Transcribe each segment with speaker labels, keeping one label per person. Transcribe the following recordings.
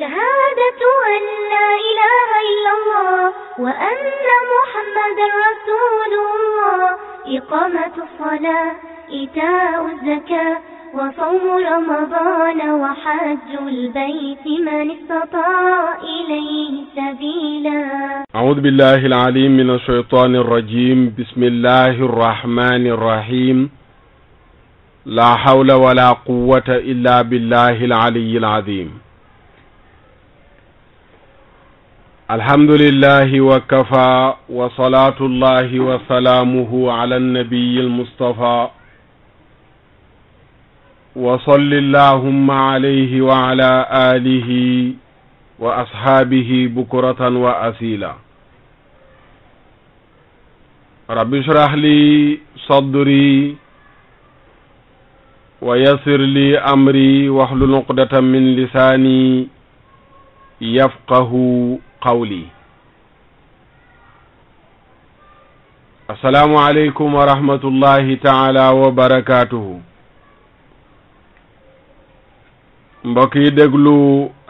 Speaker 1: شهادة أن لا إله إلا الله وأن محمدا رسول الله إقامة الصلاة إيتاء الزكاة وصوم رمضان وحج البيت من استطاع إليه سبيلا أعوذ بالله العليم من الشيطان الرجيم بسم الله الرحمن الرحيم لا حول ولا قوة إلا بالله العلي العظيم الحمد لله وكفى وصلاة الله وسلامه على النبي المصطفى وصل اللهم عليه وعلى آله وأصحابه بكرة وأسيلا رب اشرح لي صدري ويسر لي أمري واحلل عقدة من لساني يفقه qawli assalaamu aleykum wa rahmatullahi taala wa barakaatuhu mbokk yi déglu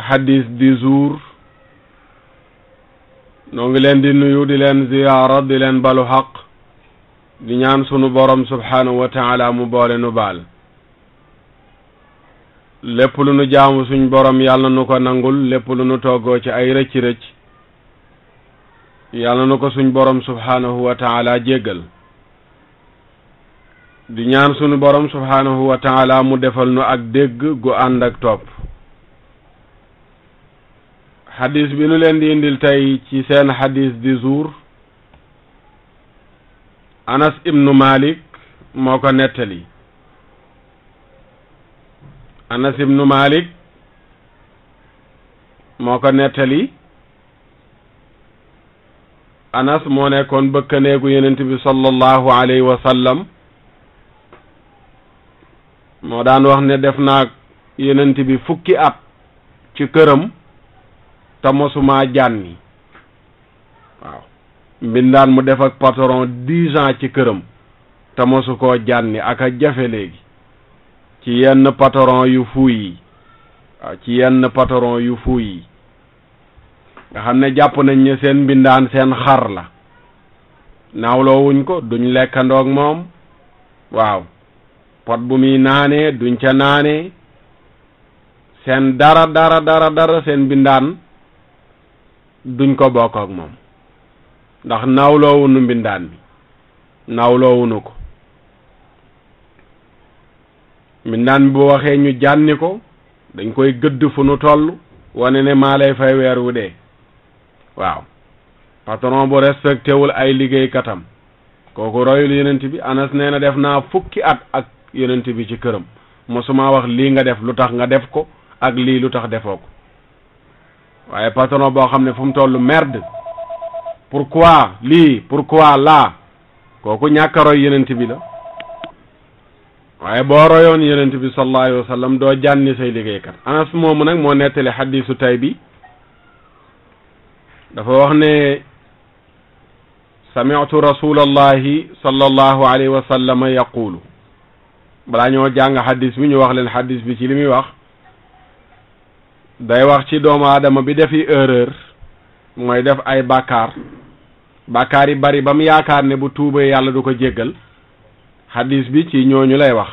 Speaker 1: hadis di jour noo ngi leen di nuyu di leen ziyaara di leen balu xaq di ñaan sunu boroom subhaanahu wa taala mu boole nu baal lépp lu nu jaamu suñ borom yàlla nu ko nangul lépp lu nu toggoo ci ay rëcc-rëcc yàlla na ko suñ borom subhaanahu wa taala jéggal di ñaan suñu boroom subhaanahu wa mu defal nu ak dégg gu ànd ak topp xadis bi nu leen di indil tey ci seen xadis di jour anas ibnu malik moo ko nettali anas ibnu malik moo ko nettali anas moo nekkoon bëkkaneegu yenent bi sallallahu alayhi wa sallam moo daan wax ne def naa yenent bi fukki at ci këram te mosuma jànni waaw mbindaan mu def ak patron dix ci këram te mosu koo jànni ak a jafe léegi ci yenn patron yu fuuy waaw ci yenn patron yu fuuy yi nga xam ne jàpp nañ ne seen mbindaan seen xar la nawloowuñ ko duñ lekkandoog moom waaw pot bu muy naanee duñ ca naanee seen dara dara dara dara seen mbindaan duñ ko bokk ak moom ndax nawloowunu mbindaan bi nawloowunu ko mbindaan mi bu waxee ñu jànni ko dañ koy gëdd fu nu toll wane ne maa lay fay weer wu dee waaw patron bu respecté wul ay liggéeykatam kooku royul yonent bi anas nee na def naa fukki at ak yonent bi ci këram mosuma wax lii nga def lu tax nga def ko ak lii lu tax defoo ko waaye patron boo xam ne fu mu toll merde pourquoi lii pourquoi laa kooku ñàkk a roy yonent bi la waaye boo royoon yonent bi sallallahu alayhi wa sallam doo jànni say liggéeykat anas moomu nag moo nettali xadisu tay bi dafa wax ne samitu rasulallahi sallallahu alayhi wa sallama yaqulu balaa ñoo jàng xadis bi ñu wax leen xadis bi ci li muy wax day wax ci doomu aadama bi defi erreur mooy def ay bàkkaar bàkkaar yi bari ba mu yaakaar ne bu tuuba yàlla du ko jéggal xadis bi ci ñooñu lay wax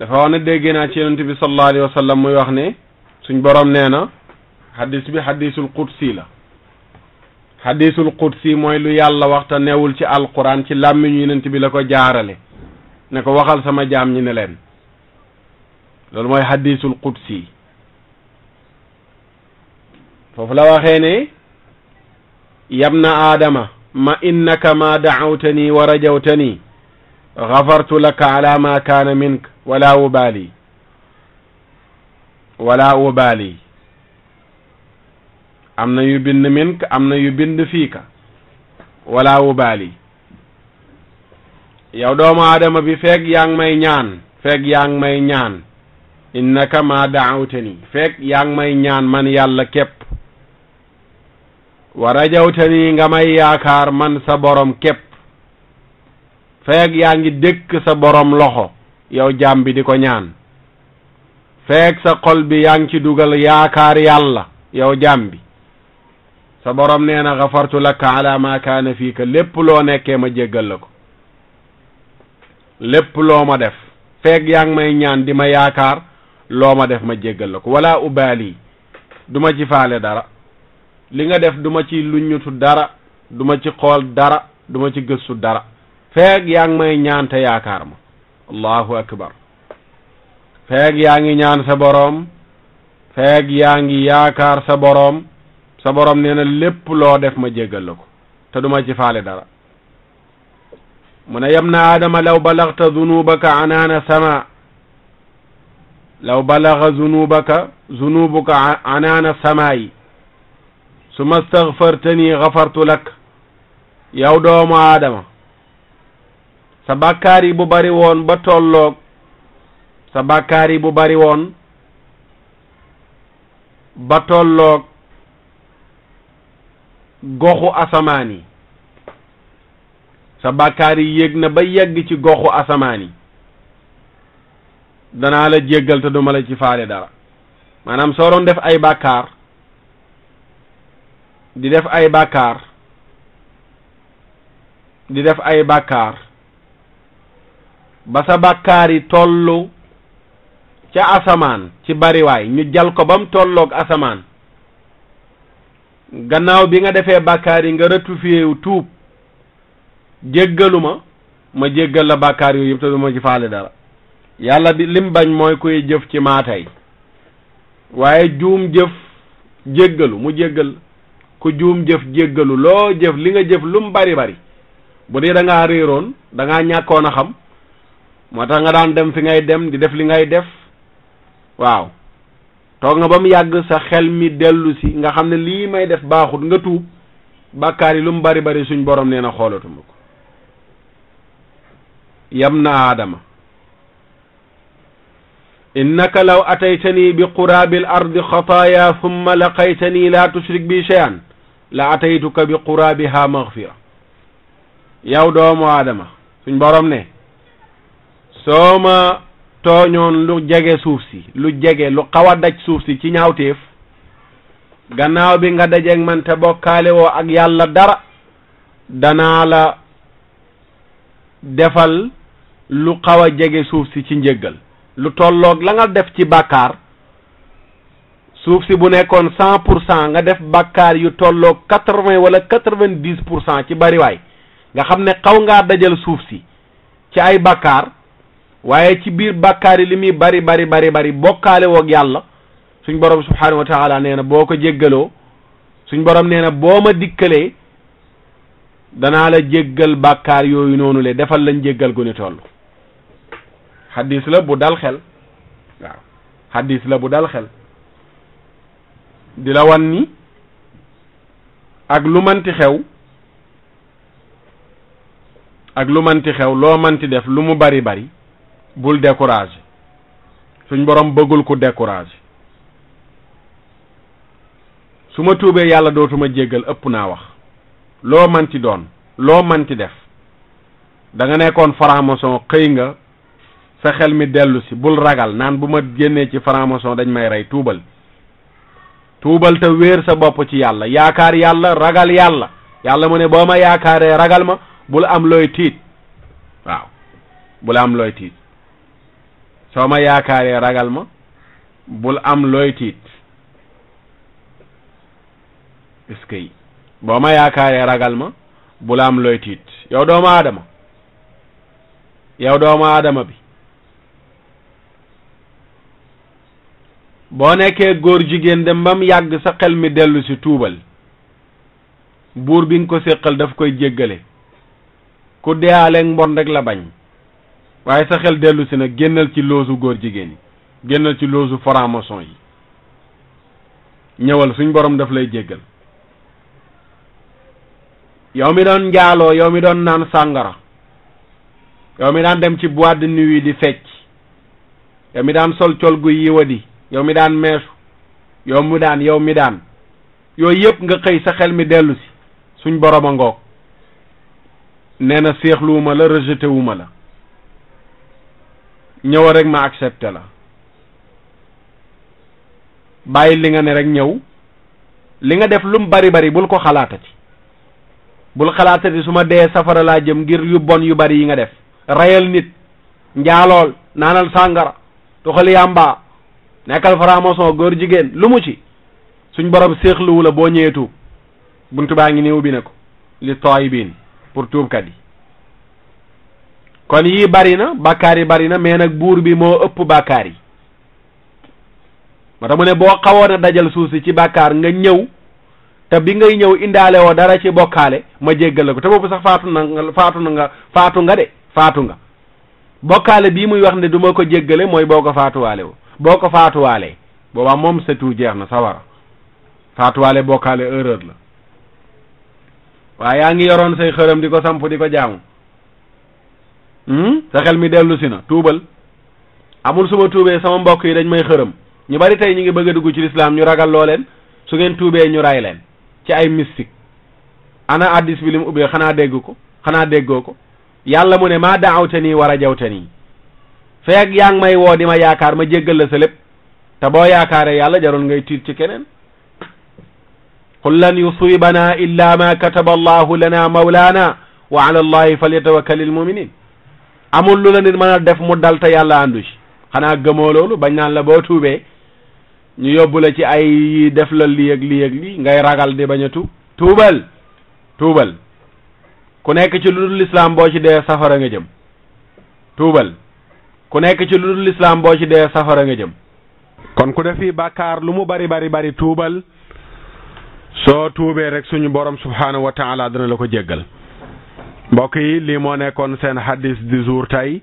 Speaker 1: dafa wax ne dégg naa ci yonent bi sallallahu alayhi muy wax ne suñ borom nee na xaddis bi xaddisul qudsi la xaddisul qudsi mooy lu yàlla wax te newul ci alquran ci làmmiñu yonent bi la ko jaarale ne ko waxal sama jaam ñi ne leen loolu mooy xaddisul qudsi foofu la waxee ne yabna aadama ma innaka ma daawtani wa rajawtani gafartu laka ala ma kaana mink wala ubaali wala ubaali am na yu bind min am na yu bind fiika ka wala ubaali yow doomu aadama bi feeg yaa ngi may ñaan feeg yaa ngi may ñaan innaka ma daawtani feeg yaa ngi may ñaan man yàlla képp wa rajawtani nga may yaakaar man sa borom képp feeg yaa ngi dékk sa borom loxo yow jaam bi di ko ñaan feek sa xol bi yaa ngi ci dugal yaakaar yàlla yow jàmbi sa borom nee na xafartu laka ala ma kaane fii ka lépp loo nekkee ma jéggal la ko lépp loo ma def feek yaa ngi may ñaan di ma yaakaar loo ma def ma jéggal la ko wala ubaali du ma ci faale dara li nga def du ma ci luññutu dara du ma ci xool dara du ma ci gëstu dara feek yaa ngi may ñaan te yaakaar ma allahu akbar feeg yaa ngi ñaan sa boroom feeg yaa ngi yaakaar sa boroom sa boroom nee na lépp loo def ma jéggal la ko te duma ci faale dara mu ne yam na aadama law balaxta zunubaka anaana sama law balaxa zunubaka zunubuka anaana samaayi suma staxfartani xafartu lak yow doomu aadama sa bàkkaar yi bu bari woon ba tolloog sa bàkkaar yi bu bari woon ba tolloog goxu asamaan yi sa bàkkaar yi na ba yegg ci goxu asamaan yi danaa la jéggal te duma la ci faale dara maanaam soo doon def ay bàkkaar di def ay bàkkaar di def ay bàkkaar ba sa bàkkaar tollu ca asamaan ci bariwaay ñu jal ko ba mu tollook asamaan gannaaw bi nga defee bàkkaar yi nga retoufié wu tuub jéggaluma ma ma jéggal la bàkkaar yooyu yëpp te du ma ci faale dara yàlla di lim bañ mooy kuy jëf ci maatay waaye juum jëf jéggalu mu jéggal ku juum jëf jéggalu loo jëf li nga jëf lu mu bari bari bu dee da ngaa réeroon ñàkkoon a xam moo tax nga daan dem fi ngay dem di def li ngay def waaw toog nga ba mu yàgg sa xel mi dellusi nga xam ne lii may def baaxut nga tuub bàkkaar yi lu mu bari bari suñ borom nee na xoolatuma ko yam na aadama innaka law ataytanii bi quraabil ardi xataaya thumma laqaytanii laa tushrik bi shay'an la ataytuka bi quraabiha maghfira yow doomu aadama suñ borom ne soo ma tooñoon lu jege suuf si lu jege lu xaw a daj suuf si ci ñaawteef gannaaw bi nga dajeeg mante te bokkaale woo ak yàlla dara danaa la defal lu xaw a jege suuf si ci njëggal lu tolloog la nga def ci bàkkaar suuf si bu nekkoon cent pour cent nga def bàkkaar yu tolloog quatre vingt wala quatre vingt dix pour cent ci bariwaay nga xam ne xaw ngaa dajal suuf si ci ay bàkkaar waaye ci biir bàkkaar yi li muy bari bari bari bari bokkaale yàlla suñ borom subhaanahu wa nee na boo ko jéggaloo suñ borom nee na boo ma dikkalee danaa la jéggal bàkkaar yooyu noonu le defal lañ jéggal gu ni toll xaddis la bu dal xel waaw xaddis la bu dal xel di la wan ni ak lu manti xew ak lu manti xew loo manti def lu mu bari bari bul découragé suñ borom bëggul ku découragé su ma tuubee yàlla dootuma jéggal ëpp naa wax loo manti doon loo manti def danga nekkoon franc xëy nga sa xel mi dellu si bul ragal naan bu ma génnee ci franc dañ may rey tuubal tuubal te wéer sa bopp ci yàlla yaakaar yàlla ragal yàlla yàlla ma ne boo ma yaakaaree ragal ma bul am looy tiit waaw bul am looy tiit soo ma yaakaaree ragal ma bul am looy tiit est-ce boo ma yaakaaree ragal ma bul am looy tiit yow doomu aadama yow doomu aadama bi boo nekkee góor jigéen dem ba mu yàgg sa xel mi dellusi tuubal buur bi nga ko séqal daf koy jéggale ku deyaaleeg mbon rek la bañ waaye sa xel dellusi si nag génnal ci loosu góor jigéen yi génnal ci loosu franc yi ñëwal suñ borom daf lay jéggal yow mi doon njaaloo yow mi doon naan sàngara yow mi daan dem ci boîte de yi di fecc yow mi daan sol col gu yiwadi yow mi daan meesu yow mi daan yow mi daan yooyu yëpp nga xëy sa xel mi dellu si suñ borom ngoog nee na seexluwuma la rejeté wuma la ñëw rek ma accepté la bàyyi li nga ne rek ñëw li nga def lum bari bari bul ko xalaatati bul xalaatati su ma dee safara laa jëm ngir yu bon yu bari yi nga def rayal nit njaalool naanal sàngara tuxal yàmba nekkal franc-maçon góor jigéen lu mu ci suñ borom séexluwu la boo ñëwee tuub buntu baa ngi nii ubbi na ko li tooy biin pour tuubkat yi kon yii bari na bàkkaar yi bari na mais nag buur bi moo ëpp bakkaar yi moo tax mu ne boo xawoon a dajal suuf si ci bàkkaar nga ñëw te bi ngay ñëw indaale woo dara ci bokkaale ma jéggale ko te boobu sa faatu na nga faatu na nga faatu nga de faatu nga bokkaale bii muy wax ne du ko jéggale mooy boo ko faatuwaale boo ko faatuwaalee boobaa moom c'est jeex na sawara faatuwaale bokkaale erreur la waaye yaa ngi yoroon say xërëm di ko samp di ko jaamu Hmm? sa xel mi dellu na tuubal amul su ma tuubee sama mbokk yi dañ may xërëm ñu bari tey ñu ngi bëgg dugg ci lislaam ñu ragal loo leen su ngeen tuubee ñu ray leen ci ay mystique ana addis bi li ubbee xanaa dégg ko xanaa déggoo ko yàlla mu ne maa daawte nii war a jawte nii feeg yaa ngi may woo di ma yaakaar ma jéggal la sa lépp te boo yaakaaree yàlla jarul ngay tiit ci keneen qul lan yusibanaa illa ma kataba allahu lana mawlaana wa ala allahi falyatawakkal il amul lu la nit mën a def mu dal te yàlla àndu ci xanaa gëmoo loolu bañ naan la boo tuubee ñu yóbbu la ci ay def la lii ak lii ak lii ngay ragal di bañ a tuub tuubal tuubal ku nekk ci lu dul lislaam boo ci dee safara nga jëm tuubal ku nekk ci lu dul lislaam boo ci dee safara nga jëm kon ku def fii bàkkaar lu mu bari bari bari tuubal soo tuubee rek suñu borom subhaanahu wa taala dana la ko jéggal mbokk yi lii moo nekkoon seen hadis du jour tay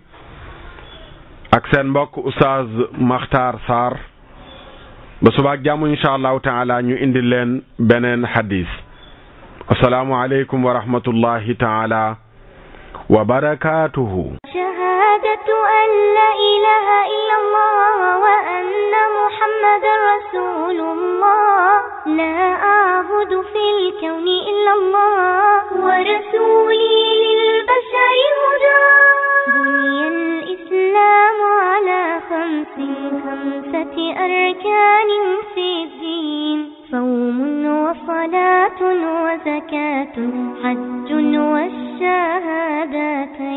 Speaker 1: ak sen mbokk oustaz Makhtar sar ba suba jàmm inshallah taala ñu indi leen beneen hadis asalaamu alaykum wa rahmatullahi taala wa barakatuhu shahadatu an la ilaha illa allah wa anna muhammadar rasulullah لا أعبد في الكون إلا الله ورسولي للبشر هدى بني الإسلام على خمس خمسة أركان في الدين صوم وصلاة وزكاة حج والشهادتين